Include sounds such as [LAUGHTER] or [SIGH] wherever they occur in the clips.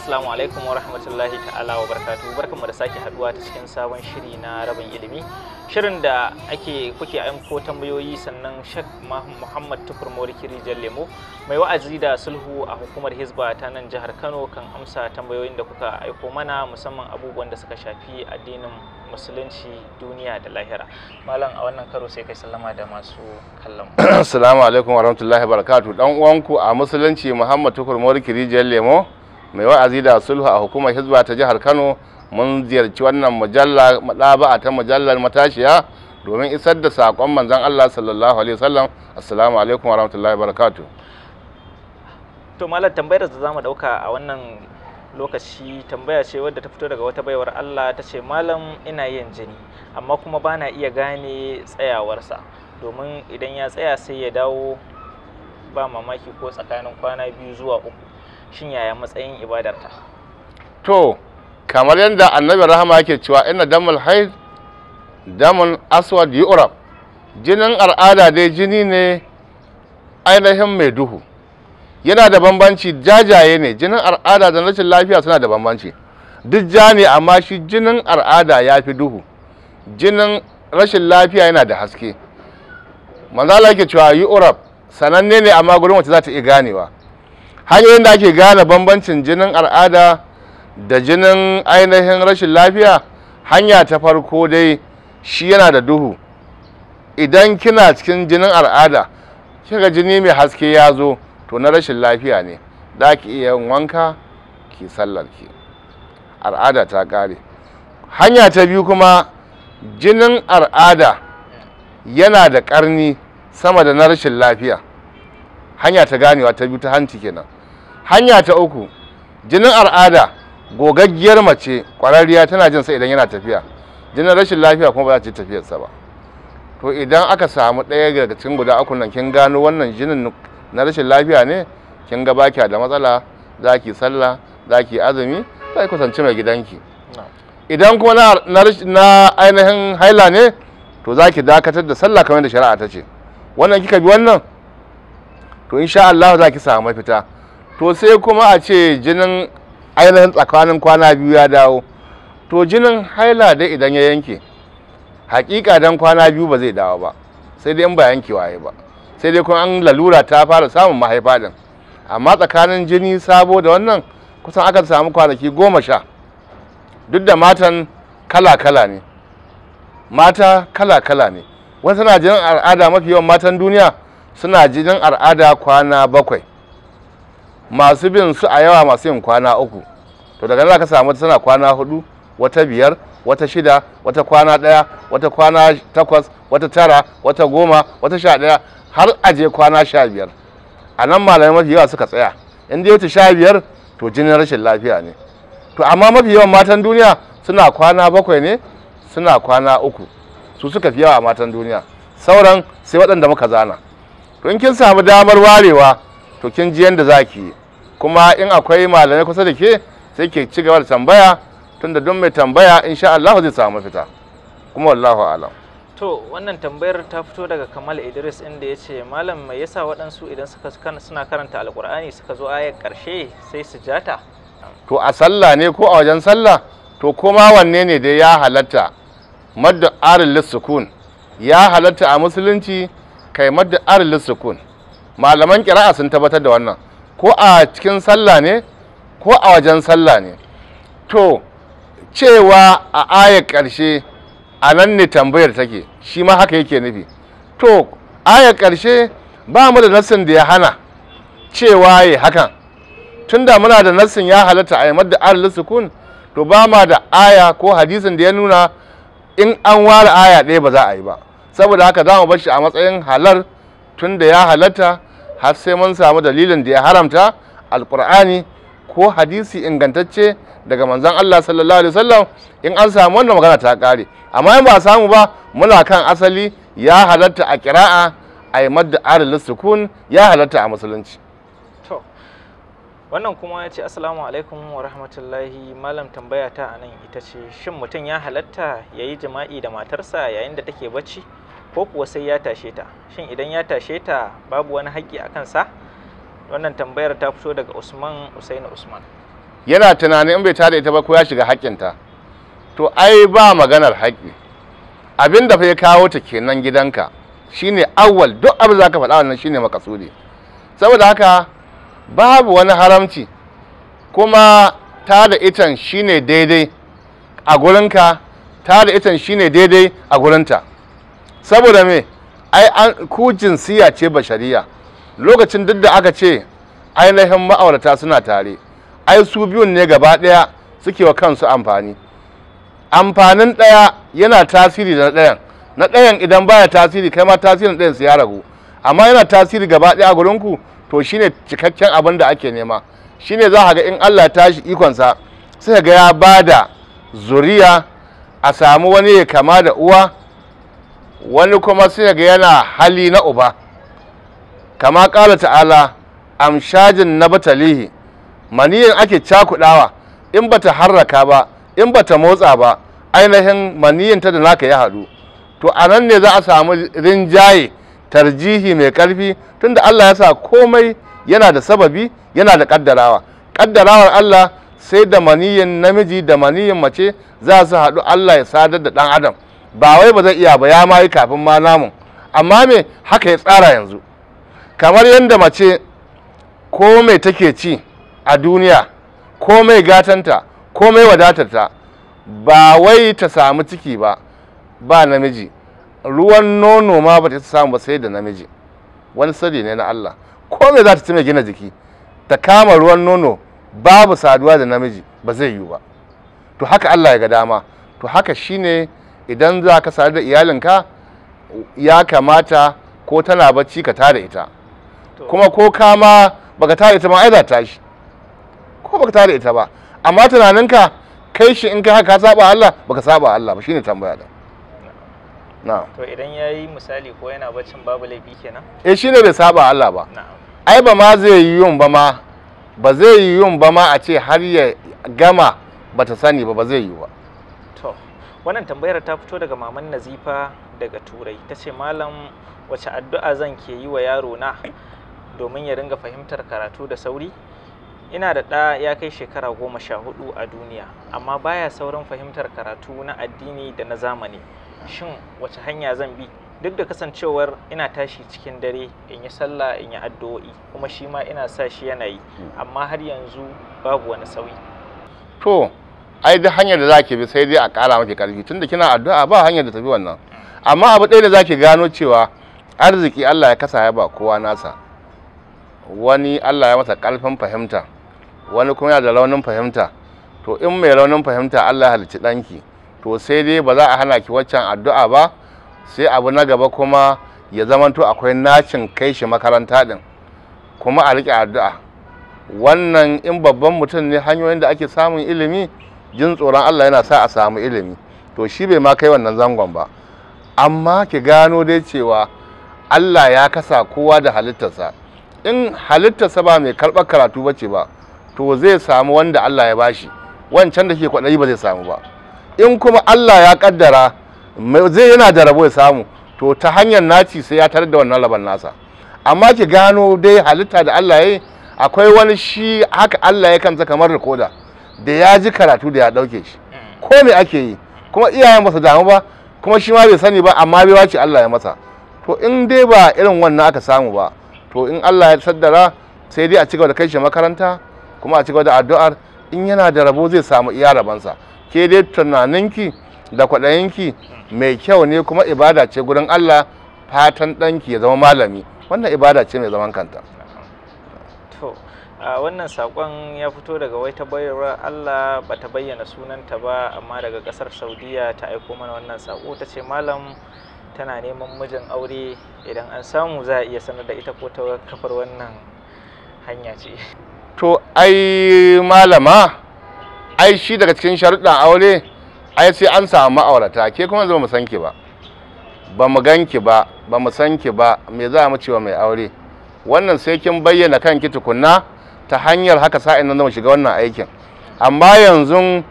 Assalamu alaikum wa rahmatullahi ta'ala wa barkatu barkanmu da sake haduwa ta cikin sabon shiri na rabin ilimi shirin da ake kuke ko tambayoyi sannan Sheikh Muhammad Tukur Morikiri lemo mai wa'azi da sulhu a hukumar Hizba ta nan jihar Kano kan amsa tambayoyin da kuka aiko mana musamman abubuwan da suka shafi addinin musulunci duniya da lahira malam a wannan karo sai kai sallama da masu kallon [COUGHS] assalamu alaikum wa rahmatullahi wa barakatuh dan uwanku a musulunci Muhammad Tukur Morikiri lemo. mai wa'azi da sulhu a hukumar hizba ta jihar kano mun ziyarci wannan mujalla a ta mujallar matashiya domin isar da saƙon manzon allah sallallahu alaihi wasallam assalamu alaikum warahmatullahi wabarakatuh to malam tambayar da zamu dauka a wannan lokaci tambaya ce wadda ta fito daga wata baiwar Allah ta ce malam ina yin jini amma kuma bana iya gane tsayawarsa domin idan ya tsaya sai ya dawo ba mamaki ko tsakanin kwana biyu zuwa uku shin yaya matsayin ibadarta to kamar yadda annabi rahama yake cewa ina damul haid damun aswad yu'rab jinin al'ada dai jini ne ainihin mai duhu yana da bambanci jajaye ne jinin al'ada da rashin lafiya suna da bambanci duk ja ne amma shi jinin al'ada ya fi duhu jinin rashin lafiya yana da haske manzala yake cewa urab sananne ne amma gurin wace za ta iya ganewa hanyoyin da ake gane bambancin jinin al'ada da jinin ainihin rashin lafiya hanya ta farko dai shi yana da duhu idan kina cikin jinin al'ada kika jini mai haske ya zo to na rashin lafiya ne za ki iya yin wanka ki sallar ki al'ada ta kare hanya ta biyu kuma jinin al'ada yana da karni sama da na rashin lafiya hanya ta ganewa ta biyu ta hanci kenan hanya ta uku jinin al'ada gogaggiyar mace ƙwararriya tana jin sa idan yana tafiya jinin rashin lafiya kuma ba za ta ji tafiyarsa ba to idan aka samu ɗaya daga cikin guda uku nan kin gano wannan jinin na rashin lafiya ne kin ga baki da matsala za ki sallah za ki azumi za ki kusanci mai gidanki idan kuma na ainihin haila ne to za ki dakatar da sallah kamar da shari'a ta ce wannan kika bi wannan to insha Allah za ki samu mafita to sai kuma a ce jinin ainihin tsakanin kwana biyu ya dawo to jinin haila da idan ya yanke hakika dan kwana biyu ba zai dawo ba sai dai in ba yanke waye ba sai dai kuma an lalura ta fara samun mahaifa din amma tsakanin jini sabo da wannan kusan aka samu kwanaki goma sha duk da matan kala-kala ne mata kala-kala ne wasu suna jinin al'ada mafi yawan matan duniya suna jinin al'ada kwana bakwai masu bin su a yawa masu yin kwana uku to daga nan ka samu tana kwana hudu wata biyar wata shida wata kwana daya wata kwana takwas wata tara wata goma wata sha daya har aje kwana sha biyar a nan malamai mafi yawa suka tsaya in dai wuce sha biyar to jinin rashin lafiya ne to amma mafi yawan matan duniya suna kwana bakwai ne suna kwana uku su suka fi yawa a matan duniya sauran sai waɗanda muka zana to in kin samu damar warewa to kin ji yadda za ki yi kuma in akwai malamai kusa da ke sai ke ci gaba da tambaya tunda don mai tambaya insha Allah zai samu fita kuma wallahu alam to wannan tambayar ta fito daga kamal idris inda ya ce malam mai yasa waɗansu idan suka suna karanta alkur'ani suka zo ayar ƙarshe sai su jata to a sallah ne ko a wajen sallah to kuma wanne ne dai ya halatta madda arin lissukun ya halatta a musulunci kai madda arin lissukun malaman kira'a sun tabbatar da wannan ko a cikin sallah ne ko a wajen sallah ne to cewa a ayar ƙarshe a nan ne tambayar take shi ma haka yake nufi to ayar ƙarshe ba mu da nassin da ya hana cewa ya hakan tun da muna da nassin ya halatta a yamar da sukun to ba ma da aya ko hadisin da ya nuna in an ware aya ɗaya ba za a yi ba saboda haka za mu bar shi a matsayin halar tun da ya halatta har sai mun samu dalilin da ya haramta alkur'ani ko hadisi ingantacce daga manzon Allah sallallahu alaihi wasallam in an samu wannan magana ta kare amma in ba samu ba muna kan asali ya halatta a kira'a a yi madda adalin sukun ya halatta a musulunci to wannan kuma ya ce assalamu alaikum wa rahmatullahi malam tambaya ta anan ita ce shin mutum ya halatta ya yi jima'i da matarsa yayin da take bacci ko kuwa sai ya tashe ta shin idan ya tashe ta babu wani haƙƙi a kansa wannan tambayar ta fito daga usman usaini usman yana tunanin in bai tada ita ba ko ya shiga haƙƙinta to ai ba maganar haƙƙi abin da fa kawo ta kenan gidanka shine awwal duk abin da ka faɗa wannan shine makasudi saboda haka babu wani haramci kuma ta da itan shine daidai a gurinka ta da itan shine daidai a gurinta saboda me ai ku jinsiya ce bashariya lokacin duk da aka ce ainihin ma'aurata suna tare ai su biyun ne gaba ɗaya suke wa kansu amfani amfanin ɗaya yana tasiri da na ɗayan na ɗayan idan baya tasiri kai ma tasirin ɗayan su ya ragu amma yana tasiri gaba ɗaya a gurinku to shine cikakken abin da ake nema shine za ga in Allah ya tashi ikonsa sai ga ya bada zuriya a samu wani ya kama da uwa wani kuma sai ga yana hali na uba kama ƙala ta'ala amshajin na batalihi maniyin ake cakudawa in bata harraka ba in bata motsa ba ainihin maniyin ta da naka ya haɗu to a nan ne za a samu rinjaye tarjihi mai ƙarfi tunda Allah ya sa komai yana da sababi yana da ƙaddarawa ƙaddarawar Allah sai da maniyin namiji da maniyin mace za su haɗu Allah ya sadar da ɗan adam ba wai ba zai iya ba ya ma yi kafin ma namun amma me haka ya tsara yanzu kamar yadda mace ko mai take ci a duniya ko mai gatanta ko mai wadatarta ba wai ta samu ciki ba ba namiji ruwan nono ma ba ta samu ba sai da namiji wani sirri ne na Allah ko mai za ta ci mai gina jiki ta kama ruwan nono babu saduwa da namiji ba zai yiwu ba to haka Allah ya ga dama to haka shine idan za ka sadu da iyalinka ya kamata ko tana bacci ka tada ita kuma ko kama baka tada ita ma ai za ta shi ko baka tada ita ba amma tunaninka kai shi in ka haka saba Allah baka saba Allah ba shine tambaya da na to idan yayi misali ko yana baccin babu laifi kenan eh shine bai saba Allah ba ai ba ma zai yi yun ba ma ba zai yi yun ba ma a ce har ya gama bata sani ba ba zai yi ba wannan tambayar ta fito daga maman nazifa daga turai ta ce malam wace addu'a zan ke yi wa yaro na domin ya ringa fahimtar karatu da sauri ina da ɗa ya kai shekara goma sha hudu a duniya amma baya saurin fahimtar karatu na addini da na zamani shin wace hanya zan bi duk da kasancewar ina tashi cikin dare in yi sallah in yi addu'o'i kuma shi ma ina sa shi yana yi hmm. amma har yanzu babu wani sauyi to ai da hanyar da za zaki bi sai dai a ƙara maki ƙarfi tunda kina addu'a ba hanyar da tafi wannan amma abu ɗaya da zaki gano cewa arziki Allah ya kasa ya ba kowa nasa wani Allah ya masa ƙarfin fahimta wani kuma yana da launin fahimta to in mai launin fahimta Allah ya halicci ɗanki to sai dai ba za a hana ki waccan addu'a ba sai abu na gaba kuma ya zamanto akwai nacin kai shi makaranta ɗin kuma a riƙe addu'a wannan in babban mutum ne hanyoyin da ake samun ilimi jin tsoron Allah yana sa a samu ilimi to shi bai ma kai wannan zangon ba amma ki gano dai cewa Allah ya kasa kowa da halittarsa in halittarsa ba mai karɓar karatu bace ba to zai samu wanda Allah ya bashi wancan da ke kwaɗayi ba zai samu ba in kuma Allah ya kaddara zai yana da rabo ya samu to ta hanyar naci sai ya tarar da wannan rabon nasa amma ki gano dai halitta da Allah ya yi akwai wani shi haka Allah ya kansa kamar rikoda da ya ji karatu da ya dauke shi ko me ake yi kuma iyayen ba su damu ba kuma shi ma bai sani ba amma bai wace Allah ya masa to in dai ba irin wannan aka samu ba to in Allah ya saddara sai dai a cigaba da kai shi makaranta kuma a cigaba da addu'ar in yana da rabo zai samu iya rabansa ke dai tunaninki da kwaɗayinki mai kyau ne kuma ibada ce gurin Allah fatan ɗanki ya zama malami wannan ibada ce mai zaman kanta. a wannan sakon ya fito daga wata bayarwar Allah ba ta bayyana sunanta ba amma daga ƙasar Saudiya ta aiko mana wannan sako ta ce malam tana neman mijin aure idan an samu za a iya sanar da ita ko ta kafar wannan hanya ce to ai malama ai shi daga cikin sharuɗan aure ai sai an samu ma'aurata ke kuma zama mu san ki ba ba mu ganki ba ba mu san ki ba me za mu cewa mai aure wannan sai kin bayyana kanki tukunna ta hanyar haka sa'in nan mu shiga wannan aikin amma yanzu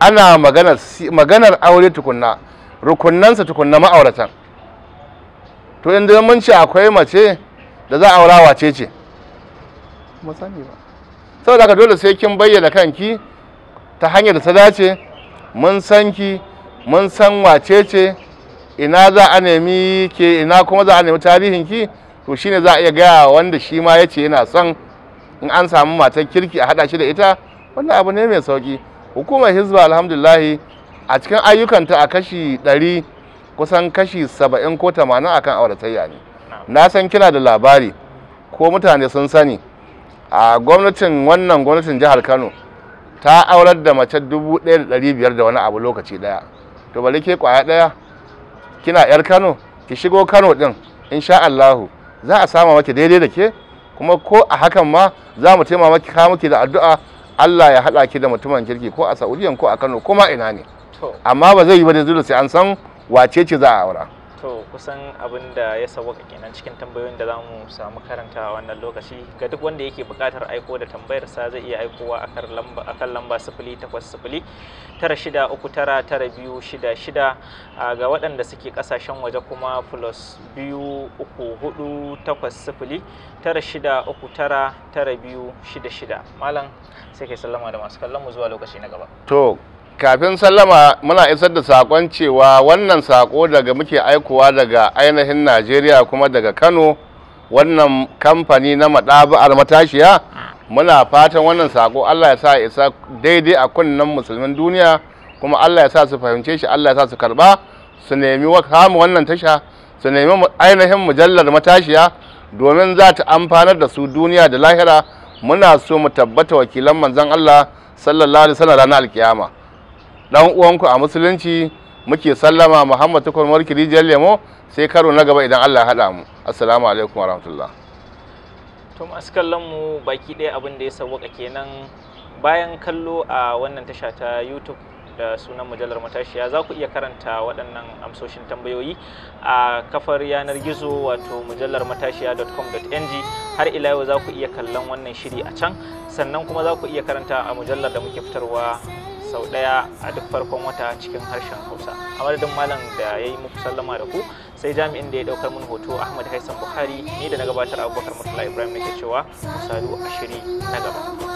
ana maganar maganar aure tukunna rukunansa tukunna ma'auratan to inda mun ce akwai mace da za a aura wace ce ba saboda haka dole sai kin bayyana kanki ta hanyar da ta dace mun san ki mun san wace ce ina za a nemi ke ina kuma za a nemi tarihin ki to shine za a iya gaya wanda shi ma yace yana son in an samu matar kirki a haɗa shi da ita wannan abu ne mai sauki hukumar hizba alhamdulahi a cikin ayyukanta a kashi ɗari kusan kashi saba'in ko tamanin kan auratayya ne na san kina da labari ko mutane sun sani a gwamnatin wannan gwamnatin jihar kano ta aurar da mace dubu ɗaya da ɗari biyar da wani abu lokaci ɗaya to bari ke kwaya ɗaya kina yar kano ki shigo kano ɗin insha allahu za a sama maki daidai da ke kuma ko a hakan ma za mu taima maki da addu'a Allah ya haɗa ki da mutumin kirki ko a Saudiyan ko a Kano ko ma ina ne amma ba zai yi ba da dole sai an san wace ce za a aura to kusan abin da ya sauwaka kenan cikin tambayoyin da za mu samu karanta a wannan lokaci ga duk wanda yake bukatar aiko da tambayar sa zai iya aikowa akan lamba tara lamba 0800 shida ga waɗanda suke kasashen waje kuma plus biyu uku hudu takwas sifili tara shida uku tara tara biyu shida shida malam sai kai sallama da masu kallon mu zuwa lokaci na gaba kafin sallama muna isar da sakon cewa wannan sako daga muke aikowa daga ainihin najeriya kuma daga kano wannan kamfani na maɗaba'ar matashiya muna fatan wannan sako allah ya sa isa daidai a kunnen musulmin duniya kuma allah ya sa su fahimce shi allah ya sa su karba su nemi kama wannan tasha su nemi ainihin mujallar matashiya domin za ta amfanar da su duniya da lahira muna so mu tabbata wakilan manzon allah sallallahu alaihi wasallam ranar alkiyama dan uwanku a musulunci muke sallama muhammad tukur mulki rijiyar lemo sai karo na gaba idan allah haɗa mu assalamu alaikum warahmatullah to masu kallon mu baki ɗaya abin da ya sauwaka kenan bayan kallo a wannan tasha ta youtube da sunan mujallar matashiya za ku iya karanta waɗannan amsoshin tambayoyi a kafar yanar gizo wato mujallar matashiya.com.ng har ila yau za ku iya kallon wannan shiri a can sannan kuma za ku iya karanta a mujallar da muke fitarwa sau ɗaya a duk farkon wata cikin harshen hausa a madadin malam da ya yi muku sallama da ku sai jami'in da ya ɗaukar mun hoto ahmad haisan buhari ni da na gabatar abubakar murtala ibrahim nake cewa musalu sadu a shiri na gaba